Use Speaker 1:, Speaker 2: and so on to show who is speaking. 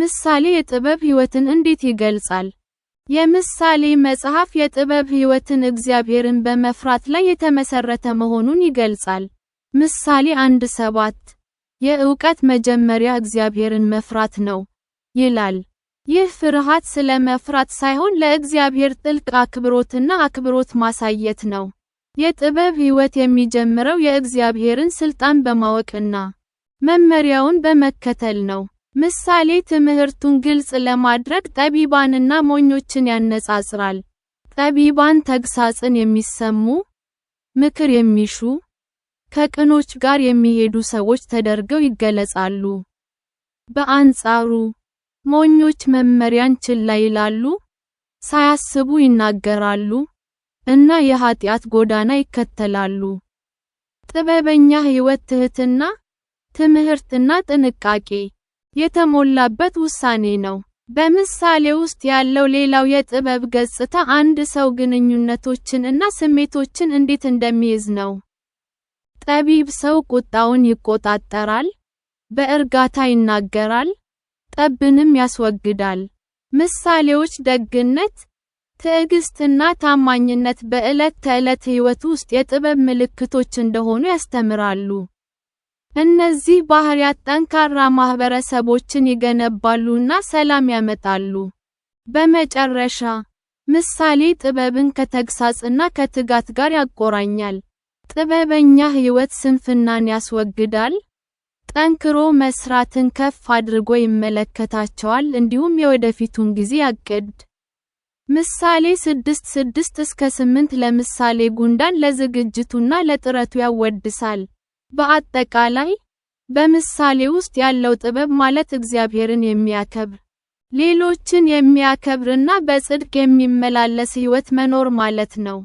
Speaker 1: ምሳሌ የጥበብ ሕይወትን እንዴት ይገልጻል? የምሳሌ መጽሐፍ የጥበብ ሕይወትን እግዚአብሔርን በመፍራት ላይ የተመሰረተ መሆኑን ይገልጻል። ምሳሌ አንድ ሰባት የእውቀት መጀመሪያ እግዚአብሔርን መፍራት ነው ይላል። ይህ ፍርሃት ስለ መፍራት ሳይሆን ለእግዚአብሔር ጥልቅ አክብሮትና አክብሮት ማሳየት ነው። የጥበብ ሕይወት የሚጀምረው የእግዚአብሔርን ሥልጣን በማወቅና መመሪያውን በመከተል ነው። ምሳሌ ትምህርቱን ግልጽ ለማድረግ ጠቢባንና ሞኞችን ያነጻጽራል። ጠቢባን ተግሳጽን የሚሰሙ፣ ምክር የሚሹ፣ ከቅኖች ጋር የሚሄዱ ሰዎች ተደርገው ይገለጻሉ። በአንጻሩ፣ ሞኞች መመሪያን ችላ ይላሉ፣ ሳያስቡ ይናገራሉ፣ እና የኃጢአት ጎዳና ይከተላሉ። ጥበበኛ ሕይወት ትህትና፣ ትምህርትና ጥንቃቄ የተሞላበት ውሳኔ ነው። በምሳሌ ውስጥ ያለው ሌላው የጥበብ ገጽታ አንድ ሰው ግንኙነቶችን እና ስሜቶችን እንዴት እንደሚይዝ ነው። ጠቢብ ሰው ቁጣውን ይቆጣጠራል፣ በእርጋታ ይናገራል፣ ጠብንም ያስወግዳል። ምሳሌዎች ደግነት፣ ትዕግስትና ታማኝነት በዕለት ተዕለት ሕይወት ውስጥ የጥበብ ምልክቶች እንደሆኑ ያስተምራሉ። እነዚህ ባህሪያት ጠንካራ ማህበረሰቦችን ይገነባሉና ሰላም ያመጣሉ። በመጨረሻ፣ ምሳሌ ጥበብን ከተግሳጽና ከትጋት ጋር ያቆራኛል። ጥበበኛ ሕይወት ስንፍናን ያስወግዳል፣ ጠንክሮ መስራትን ከፍ አድርጎ ይመለከታቸዋል እንዲሁም የወደፊቱን ጊዜ ያቅድ። ምሳሌ 6 እስከ 8 ለምሳሌ ጉንዳን ለዝግጅቱና ለጥረቱ ያወድሳል። በአጠቃላይ፣ በምሳሌ ውስጥ ያለው ጥበብ ማለት እግዚአብሔርን የሚያከብር፣ ሌሎችን የሚያከብር እና በጽድቅ የሚመላለስ ሕይወት መኖር ማለት ነው።